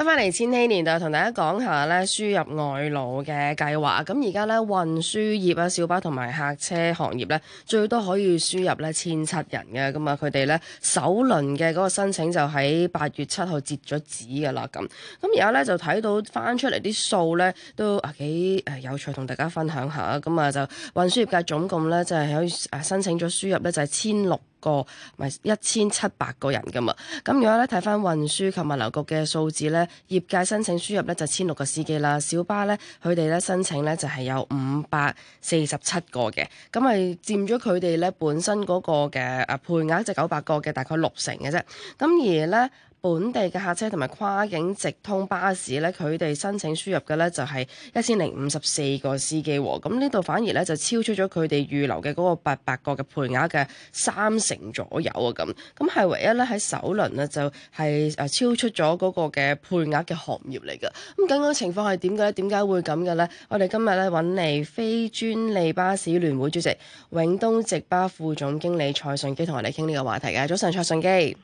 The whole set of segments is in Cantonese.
翻翻嚟千禧年代就同大家講下咧輸入外勞嘅計劃，咁而家咧運輸業啊小巴同埋客車行業咧最多可以輸入咧千七人嘅，咁啊佢哋咧首輪嘅嗰個申請就喺八月七號截咗止噶啦，咁咁而家咧就睇到翻出嚟啲數咧都啊幾誒有趣，同大家分享下，咁啊就運輸業界總共咧就係可以申請咗輸入咧就係千六。個咪一千七百個人噶嘛，咁如果咧睇翻運輸及物流局嘅數字咧，業界申請輸入咧就千六個司機啦，小巴咧佢哋咧申請咧就係有五百四十七個嘅，咁咪佔咗佢哋咧本身嗰個嘅啊配額就九百個嘅大概六成嘅啫，咁而咧。本地嘅客車同埋跨境直通巴士咧，佢哋申請輸入嘅咧就係一千零五十四個司機，咁呢度反而咧就超出咗佢哋預留嘅嗰個八百個嘅配額嘅三成左右啊！咁，咁係唯一咧喺首輪咧就係超出咗嗰個嘅配額嘅行業嚟嘅。咁究竟情況係點嘅咧？點解會咁嘅咧？我哋今日咧搵嚟非專利巴士聯會主席永東直巴副總經理蔡順基同我哋傾呢個話題嘅。早上，蔡順基。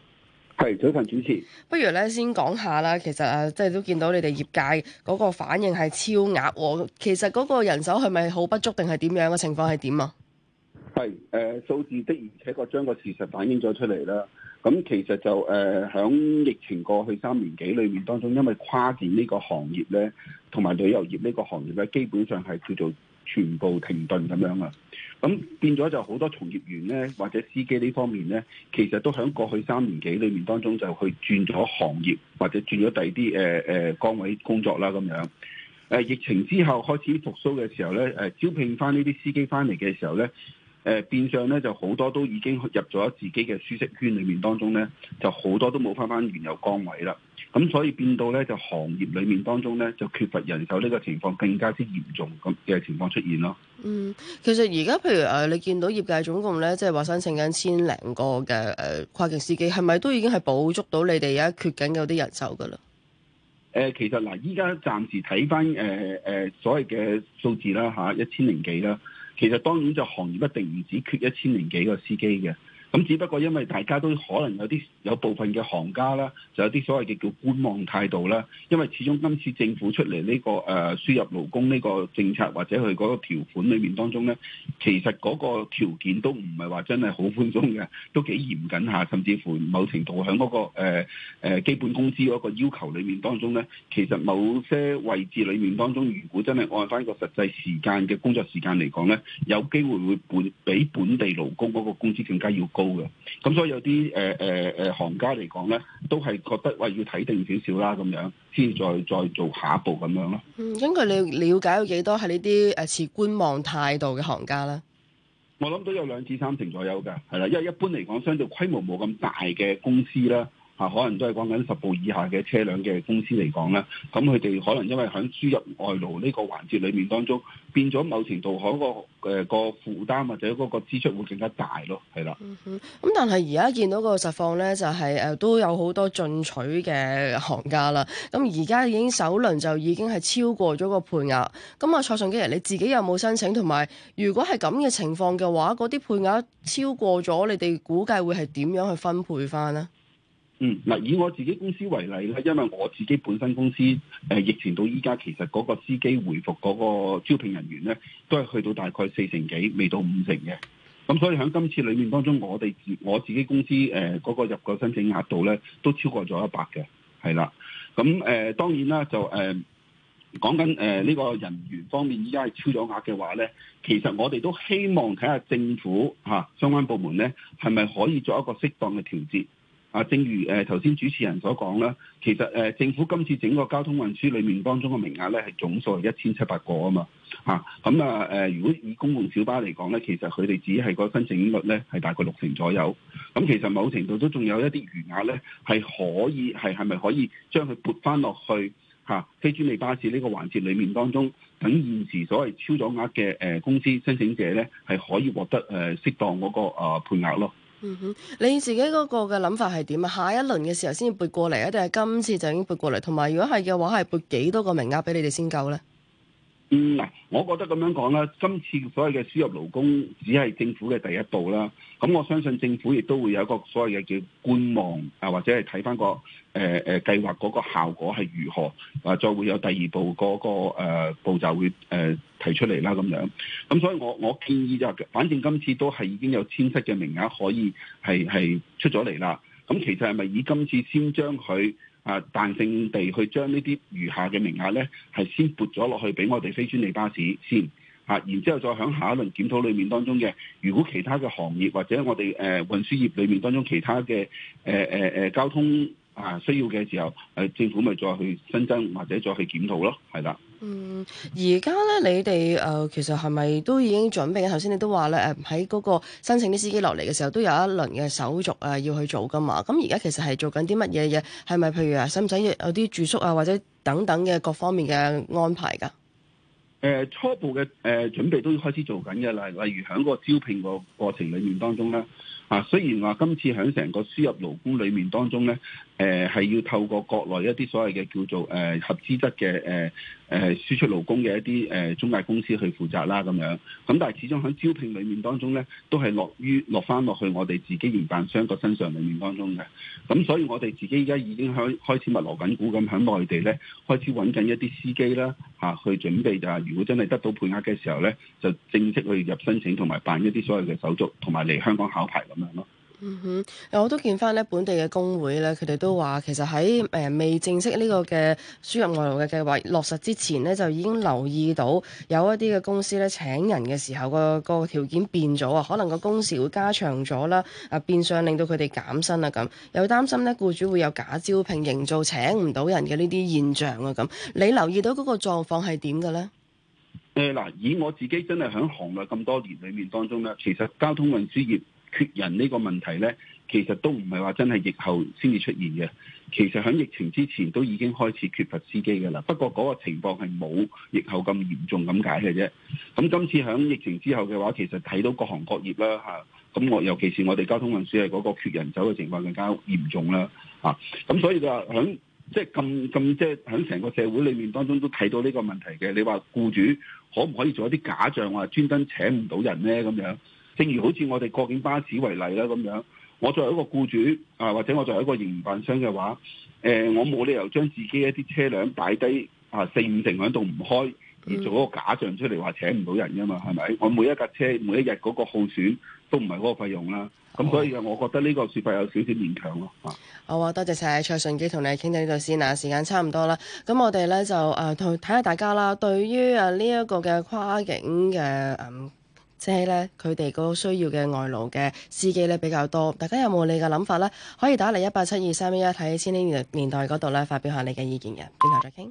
係，做一份主持。不如咧，先講下啦。其實啊，即係都見到你哋業界嗰個反應係超額喎。其實嗰個人手係咪好不足定係點樣嘅情況係點啊？係誒、呃，數字的而且確將個事實反映咗出嚟啦。咁其實就誒，響、呃、疫情過去三年幾裏面當中，因為跨境呢個行業咧，同埋旅遊業呢個行業咧，基本上係叫做，全部停頓咁樣啊，咁變咗就好多從業員咧，或者司機呢方面咧，其實都喺過去三年幾裏面當中就去轉咗行業或者轉咗第二啲誒誒崗位工作啦咁樣、呃。疫情之後開始復甦嘅時候咧，誒招聘翻呢啲司機翻嚟嘅時候咧，誒、呃、變相咧就好多都已經入咗自己嘅舒適圈裏面當中咧，就好多都冇翻翻原有崗位啦。咁、嗯、所以變到咧，就行業裡面當中咧，就缺乏人手呢個情況更加之嚴重咁嘅情況出現咯。嗯，其實而家譬如誒，你見到業界總共咧，即係話申請緊千零個嘅誒跨境司機，係咪都已經係補足到你哋而家缺緊有啲人手噶啦？誒、呃，其實嗱，依、呃、家暫時睇翻誒誒所謂嘅數字啦，嚇、啊、一千零幾啦。其實當然就行業一定唔止缺一千零幾個司機嘅。咁只不過因為大家都可能有啲有部分嘅行家啦，就有啲所謂嘅叫觀望態度啦。因為始終今次政府出嚟呢個誒輸入勞工呢個政策，或者佢嗰個條款裏面當中咧，其實嗰個條件都唔係話真係好寬鬆嘅，都幾嚴謹下。甚至乎某程度喺嗰個誒誒基本工資嗰個要求裏面當中咧，其實某些位置裏面當中，如果真係按翻個實際時間嘅工作時間嚟講咧，有機會會本比本地勞工嗰個工資更加要高。嘅，咁所以有啲誒誒誒行家嚟講咧，都係覺得喂，要睇定少少啦，咁樣先再再做下一步咁樣咯。嗯，根據你了解到幾多係呢啲誒持觀望態度嘅行家咧？我諗都有兩至三成左右嘅，係啦，因為一般嚟講，相對規模冇咁大嘅公司啦。啊，可能都係講緊十部以下嘅車輛嘅公司嚟講咧，咁佢哋可能因為喺輸入外勞呢個環節裏面當中，變咗某程度嗰個誒個負擔或者嗰個支出會更加大咯，係啦。咁、嗯、但係而家見到個實況咧，就係、是、誒都有好多進取嘅行家啦。咁而家已經首輪就已經係超過咗個配額。咁啊蔡信基人你自己有冇申請？同埋如果係咁嘅情況嘅話，嗰啲配額超過咗，你哋估計會係點樣去分配翻？呢嗯，嗱，以我自己公司為例咧，因為我自己本身公司誒、呃，疫情到依家，其實嗰個司機回復嗰個招聘人員咧，都係去到大概四成幾，未到五成嘅。咁所以喺今次裏面當中，我哋我自己公司誒，嗰、呃這個入個申請額度咧，都超過咗一百嘅，係啦。咁誒、呃，當然啦，就誒、呃，講緊誒呢個人員方面，依家係超咗額嘅話咧，其實我哋都希望睇下政府吓、啊、相關部門咧，係咪可以做一個適當嘅調節。啊，正如誒頭先主持人所講啦，其實誒政府今次整個交通運輸裡面當中嘅名額咧，係總數係一千七百個啊嘛，嚇咁啊誒、啊，如果以公共小巴嚟講咧，其實佢哋只係嗰申請率咧係大概六成左右，咁、啊、其實某程度都仲有一啲餘額咧，係可以係係咪可以將佢撥翻落去嚇、啊、非專利巴士呢個環節裡面當中，等現時所謂超咗額嘅誒公司申請者咧，係可以獲得誒適當嗰個配額咯。嗯哼，你自己嗰個嘅諗法係點啊？下一輪嘅時候先要撥過嚟啊，定係今次就已經撥過嚟？同埋如果係嘅話，係撥幾多個名額俾你哋先夠咧？咁嗱、嗯，我覺得咁樣講啦，今次所謂嘅輸入勞工只係政府嘅第一步啦。咁我相信政府亦都會有一個所謂嘅叫觀望啊，或者係睇翻個誒誒、呃、計劃嗰個效果係如何，啊，再會有第二步嗰、那個、呃、步驟會誒、呃、提出嚟啦咁樣。咁所以我我建議就，反正今次都係已經有簽批嘅名額可以係係出咗嚟啦。咁其實係咪以今次先將佢？啊！彈性地去將呢啲餘下嘅名額呢，係先撥咗落去俾我哋非專利巴士先，啊！然之後再喺下一輪檢討裏面當中嘅，如果其他嘅行業或者我哋誒、呃、運輸業裏面當中其他嘅誒誒交通。啊，需要嘅時候，誒政府咪再去新增或者再去檢討咯，係啦。嗯，而家咧，你哋誒、呃、其實係咪都已經準備？頭先你都話咧，誒喺嗰個申請啲司機落嚟嘅時候，都有一輪嘅手續誒要去做噶嘛。咁而家其實係做緊啲乜嘢嘢？係咪譬如啊，使唔使有啲住宿啊，或者等等嘅各方面嘅安排噶？誒、呃、初步嘅誒、呃、準備都要開始做緊嘅啦，例如喺嗰個招聘個過程裡面當中咧。啊，雖然話今次喺成個輸入勞工裡面當中咧，誒、呃、係要透過國內一啲所謂嘅叫做誒、呃、合資質嘅誒誒輸出勞工嘅一啲誒、呃、中介公司去負責啦，咁樣，咁但係始終喺招聘裡面當中咧，都係落於落翻落去我哋自己營辦商個身上裡面當中嘅。咁所以我哋自己而家已經喺開始密鑼緊鼓咁喺內地咧，開始揾緊一啲司機啦，嚇、啊、去準備啊！如果真係得到配額嘅時候咧，就正式去入申請同埋辦一啲所謂嘅手續，同埋嚟香港考牌。嗯哼，我都見翻咧本地嘅工會咧，佢哋都話其實喺誒未正式呢個嘅輸入外勞嘅計劃落實之前呢，就已經留意到有一啲嘅公司咧，請人嘅時候個個條件變咗啊，可能個工時會加長咗啦，啊變相令到佢哋減薪啊咁，又擔心呢，僱主會有假招聘營造請唔到人嘅呢啲現象啊咁，你留意到嗰個狀況係點嘅呢？誒嗱，以我自己真係喺行內咁多年裡面當中呢，其實交通運輸業。缺人呢個問題呢，其實都唔係話真係疫後先至出現嘅，其實喺疫情之前都已經開始缺乏司機嘅啦。不過嗰個情況係冇疫後咁嚴重咁解嘅啫。咁今次喺疫情之後嘅話，其實睇到各行各業啦嚇，咁、啊、我、啊、尤其是我哋交通運輸係嗰個缺人手嘅情況更加嚴重啦。啊，咁、啊、所以在就喺即係咁咁即係喺成個社會裡面當中都睇到呢個問題嘅。你話僱主可唔可以做一啲假象話專登請唔到人呢咁樣？正如好似我哋跨境巴士為例啦咁樣，我作為一個僱主啊，或者我作為一個營辦商嘅話，呃、我冇理由將自己一啲車輛擺低啊四五成喺度唔開，而做一個假象出嚟話請唔到人噶嘛，係咪、嗯？我每一架車每一日嗰個耗損都唔係嗰個費用啦。咁、嗯、所以我覺得呢個説法有少少勉強咯。好啊，多謝曬蔡順基，同你傾到呢度先，嗱，時間差唔多啦。咁我哋咧就誒睇下大家啦，對於啊呢一個嘅跨境嘅即係呢，佢哋嗰個需要嘅外勞嘅司機呢比較多，大家有冇你嘅諗法呢？可以打嚟一八七二三一一睇《千禧年代》嗰度呢，發表下你嘅意見嘅，轉頭再傾。